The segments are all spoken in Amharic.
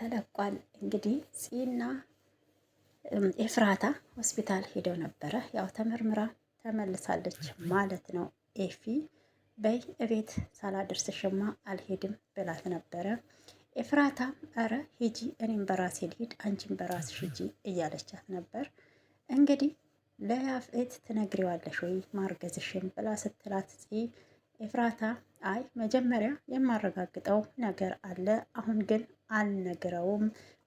ተለቋል። እንግዲህ ፂና ኤፍራታ ሆስፒታል ሄደው ነበረ። ያው ተመርምራ ተመልሳለች ማለት ነው። ኤፊ በይ እቤት ሳላደርስሽማ አልሄድም ብላት ነበረ። ኤፍራታ አረ ሂጂ፣ እኔም በራሴ ልሂድ፣ አንቺም በራስሽ ሂጂ እያለቻት ነበር። እንግዲህ ለያፌት ትነግሪዋለሽ ወይ ማርገዝሽን ብላ ስትላት ኤፍራታ አይ መጀመሪያ የማረጋግጠው ነገር አለ፣ አሁን ግን አልነግረውም፣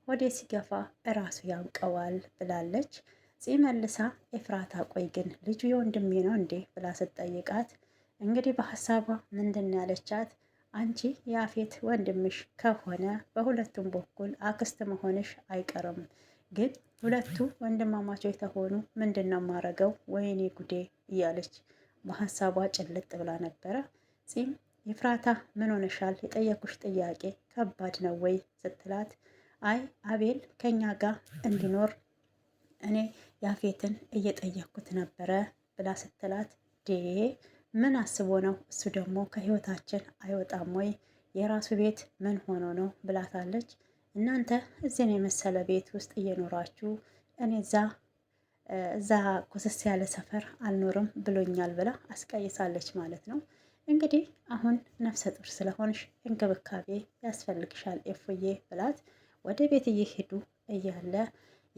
ወደ ሲገፋ እራሱ ያውቀዋል ብላለች። መልሳ ኤፍራታ ቆይ ግን ልጁ የወንድሜ ነው እንዴ ብላ ስትጠይቃት እንግዲህ በሀሳቧ ምንድን ያለቻት አንቺ የአፌት ወንድምሽ ከሆነ በሁለቱም በኩል አክስት መሆንሽ አይቀርም። ግን ሁለቱ ወንድማማቾች የተሆኑ ምንድን ነው ማረገው? ወይኔ ጉዴ እያለች በሀሳቧ ጭልጥ ብላ ነበረ ፂም ይፍራታ ምን ሆነሻል? የጠየኩሽ ጥያቄ ከባድ ነው ወይ ስትላት፣ አይ አቤል ከኛ ጋር እንዲኖር እኔ ያፌትን እየጠየኩት ነበረ ብላ ስትላት፣ ዴ ምን አስቦ ነው እሱ ደግሞ ከህይወታችን አይወጣም ወይ የራሱ ቤት ምን ሆኖ ነው ብላታለች። እናንተ እዚህን የመሰለ ቤት ውስጥ እየኖራችሁ እኔ እዛ እዛ ኮሰስ ያለ ሰፈር አልኖርም ብሎኛል ብላ አስቀይሳለች ማለት ነው። እንግዲህ አሁን ነፍሰ ጡር ስለሆንሽ እንክብካቤ ያስፈልግሻል ኤፉዬ ብላት ወደ ቤት እየሄዱ እያለ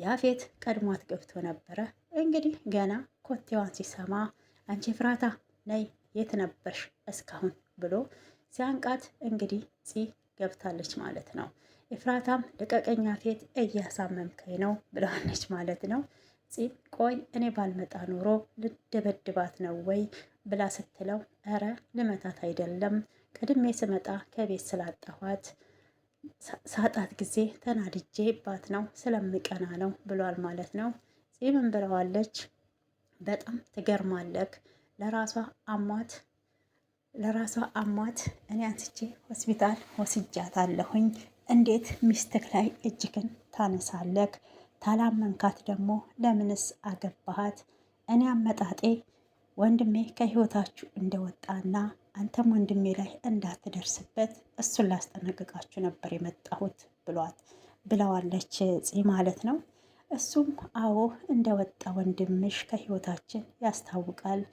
ያፌት ቀድሟት ገብቶ ነበረ። እንግዲህ ገና ኮቴዋን ሲሰማ አንቺ ፍራታ ነይ የት ነበርሽ እስካሁን ብሎ ሲያንቃት እንግዲህ ፂ ገብታለች ማለት ነው። ኤፍራታም ልቀቀኝ ፌት እያሳመምከኝ ነው ብለዋለች ማለት ነው። ፂም ቆይ እኔ ባልመጣ ኖሮ ልደበድባት ነው ወይ ብላ ስትለው እረ ልመታት አይደለም ቅድሜ ስመጣ ከቤት ስላጣኋት ሳጣት ጊዜ ተናድጄ ባት ነው ስለምቀና ነው ብሏል ማለት ነው። ፂምም ብለዋለች በጣም ትገርማለክ ለራሷ አሟት ለራሷ አሟት እኔ አንስቼ ሆስፒታል ወስጃታለሁኝ እንዴት ሚስትክ ላይ እጅግን ታነሳለክ? ታላመንካት ደግሞ ለምንስ አገባሃት? እኔ አመጣጤ ወንድሜ ከህይወታችሁ እንደወጣና አንተም ወንድሜ ላይ እንዳትደርስበት እሱን ላስጠነቅቃችሁ ነበር የመጣሁት ብሏት ብለዋለች ጽ ማለት ነው። እሱም አዎ እንደወጣ ወንድምሽ ከህይወታችን ያስታውቃል።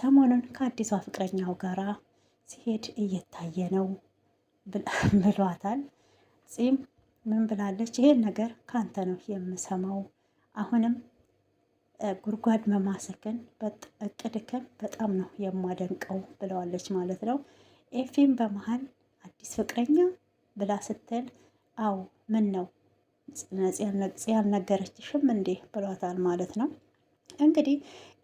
ሰሞኑን ከአዲሷ ፍቅረኛው ጋራ ሲሄድ እየታየ ነው ብሏታል። ጺም ምን ብላለች? ይሄን ነገር ካንተ ነው የምሰማው። አሁንም ጉድጓድ መማሰክን እቅድክን በጣም ነው የማደንቀው ብለዋለች ማለት ነው። ኤፊም በመሀል አዲስ ፍቅረኛ ብላ ስትል አው ምን ነው ያልነገረችሽም እንዴ ብሏታል ማለት ነው። እንግዲህ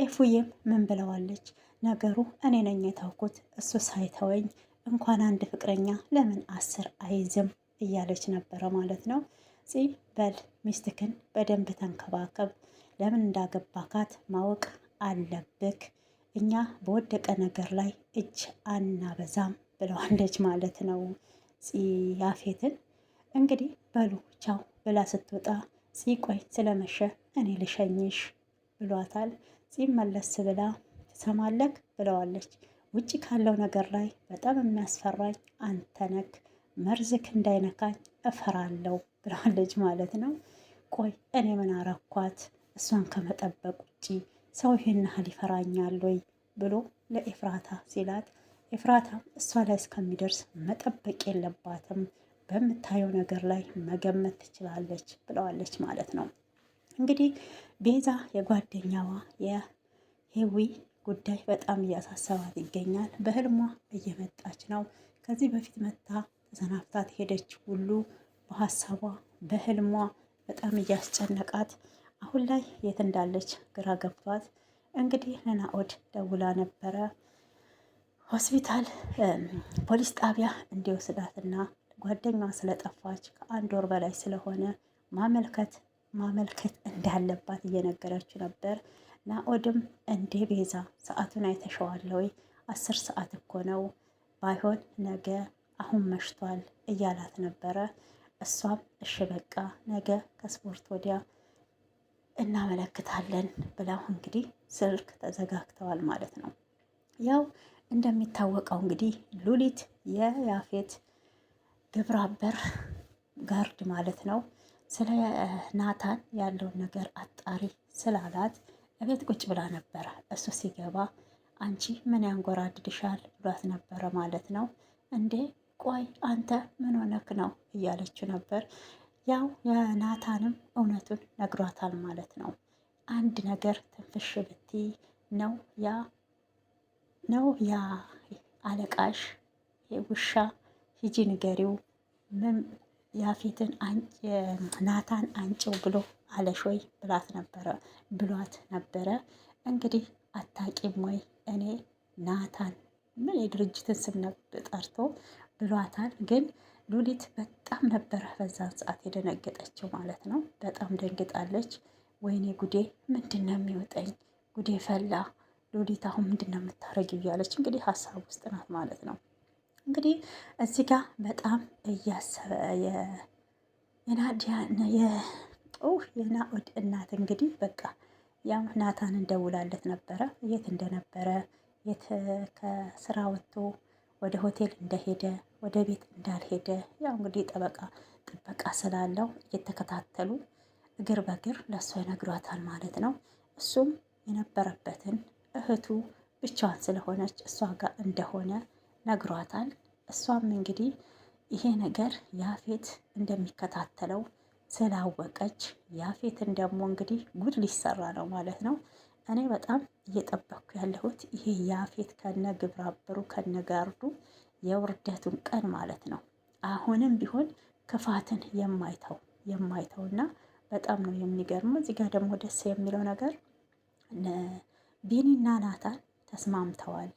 ኤፉዬም ምን ብለዋለች? ነገሩ እኔ ነኝ የታውኩት እሱ ሳይተወኝ እንኳን አንድ ፍቅረኛ ለምን አስር አይዝም እያለች ነበረ ማለት ነው። ፂ በል ሚስትክን በደንብ ተንከባከብ፣ ለምን እንዳገባካት ማወቅ አለብክ። እኛ በወደቀ ነገር ላይ እጅ አናበዛም ብለዋለች ማለት ነው ያፌትን። እንግዲህ በሉ ቻው ብላ ስትወጣ ፂ ቆይ ስለመሸ እኔ ልሸኝሽ ብሏታል። ፂ መለስ ብላ ትሰማለክ ብለዋለች። ውጭ ካለው ነገር ላይ በጣም የሚያስፈራኝ አንተ መርዝክ እንዳይነካኝ እፈራለሁ ብለዋለች ማለት ነው። ቆይ እኔ ምን አረኳት? እሷን ከመጠበቅ ውጪ ሰው ይህን ያህል ይፈራኛል ወይ ብሎ ለኤፍራታ ሲላት፣ ኤፍራታ እሷ ላይ እስከሚደርስ መጠበቅ የለባትም በምታየው ነገር ላይ መገመት ትችላለች ብለዋለች ማለት ነው። እንግዲህ ቤዛ የጓደኛዋ የሄዊ ጉዳይ በጣም እያሳሰባት ይገኛል። በህልሟ እየመጣች ነው። ከዚህ በፊት መታ ዘናፍታት ሄደች። ሁሉ በሀሳቧ በህልሟ በጣም እያስጨነቃት አሁን ላይ የት እንዳለች ግራ ገብቷት እንግዲህ ለናኦድ ደውላ ነበረ ሆስፒታል ፖሊስ ጣቢያ እንዲወስዳትና ጓደኛዋ ስለጠፋች ከአንድ ወር በላይ ስለሆነ ማመልከት ማመልከት እንዳለባት እየነገረችው ነበር። ናኦድም እንዴ ቤዛ ሰዓቱን አይተሸዋለ ወይ? አስር ሰዓት እኮ ነው። ባይሆን ነገ አሁን መሽቷል እያላት ነበረ። እሷም እሽ በቃ ነገ ከስፖርት ወዲያ እናመለክታለን ብላሁ እንግዲህ ስልክ ተዘጋግተዋል ማለት ነው። ያው እንደሚታወቀው እንግዲህ ሉሊት የያፌት ግብረአበር ጋርድ ማለት ነው ስለ ናታን ያለውን ነገር አጣሪ ስላላት እቤት ቁጭ ብላ ነበረ። እሱ ሲገባ አንቺ ምን ያንጎራድድሻል ብሏት ነበረ ማለት ነው እንዴ ቆይ አንተ ምን ሆነክ ነው እያለችው ነበር። ያው የናታንም እውነቱን ነግሯታል ማለት ነው። አንድ ነገር ትንፍሽ ብቲ ነው ያ ነው ያ አለቃሽ ውሻ ሂጂ ንገሪው፣ ምን ያፌትን ናታን አንጭው ብሎ አለሾይ ብላት ነበረ ብሏት ነበረ። እንግዲህ አታቂም ወይ እኔ ናታን ምን የድርጅትን ስም ጠርቶ ብሏታል። ግን ሉሊት በጣም ነበረ በዛን ሰዓት የደነገጠችው ማለት ነው። በጣም ደንግጣለች። ወይኔ ጉዴ ምንድን ነው የሚወጠኝ? ጉዴ ፈላ። ሉሊት አሁን ምንድን ነው የምታደርጊው? እያለች እንግዲህ ሀሳብ ውስጥ ናት ማለት ነው። እንግዲህ እዚህ ጋ በጣም እያሰበ የናዲያ የናኦድ እናት እንግዲህ በቃ ያው ናታን እንደውላለት ነበረ የት እንደነበረ የት ከስራ ወጥቶ ወደ ሆቴል እንደሄደ ወደ ቤት እንዳልሄደ ያው እንግዲህ ጠበቃ ጥበቃ ስላለው እየተከታተሉ እግር በእግር ለእሷ ይነግሯታል ማለት ነው። እሱም የነበረበትን እህቱ ብቻዋን ስለሆነች እሷ ጋር እንደሆነ ነግሯታል። እሷም እንግዲህ ይሄ ነገር ያፌት እንደሚከታተለው ስላወቀች ያፌትን ደግሞ እንግዲህ ጉድ ሊሰራ ነው ማለት ነው። እኔ በጣም እየጠበቅኩ ያለሁት ይሄ ያፌት ከነ ግብረ አበሩ ከነ ጋርዱ የውርደቱን ቀን ማለት ነው። አሁንም ቢሆን ክፋትን የማይተው የማይተውና በጣም ነው የሚገርመው። እዚህ ጋር ደግሞ ደስ የሚለው ነገር ቢኒና ናታን ተስማምተዋል።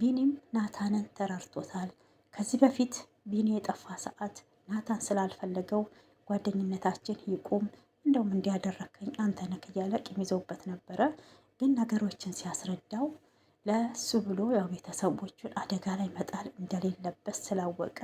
ቢኒም ናታንን ተረድቶታል። ከዚህ በፊት ቢኒ የጠፋ ሰዓት ናታን ስላልፈለገው ጓደኝነታችን ይቁም እንደውም እንዲያደረከኝ አንተ ነህ እያለ ቂም ይዞበት ነበረ። ግን ነገሮችን ሲያስረዳው ለሱ ብሎ ያው ቤተሰቦቹን አደጋ ላይ መጣል እንደሌለበት ስላወቀ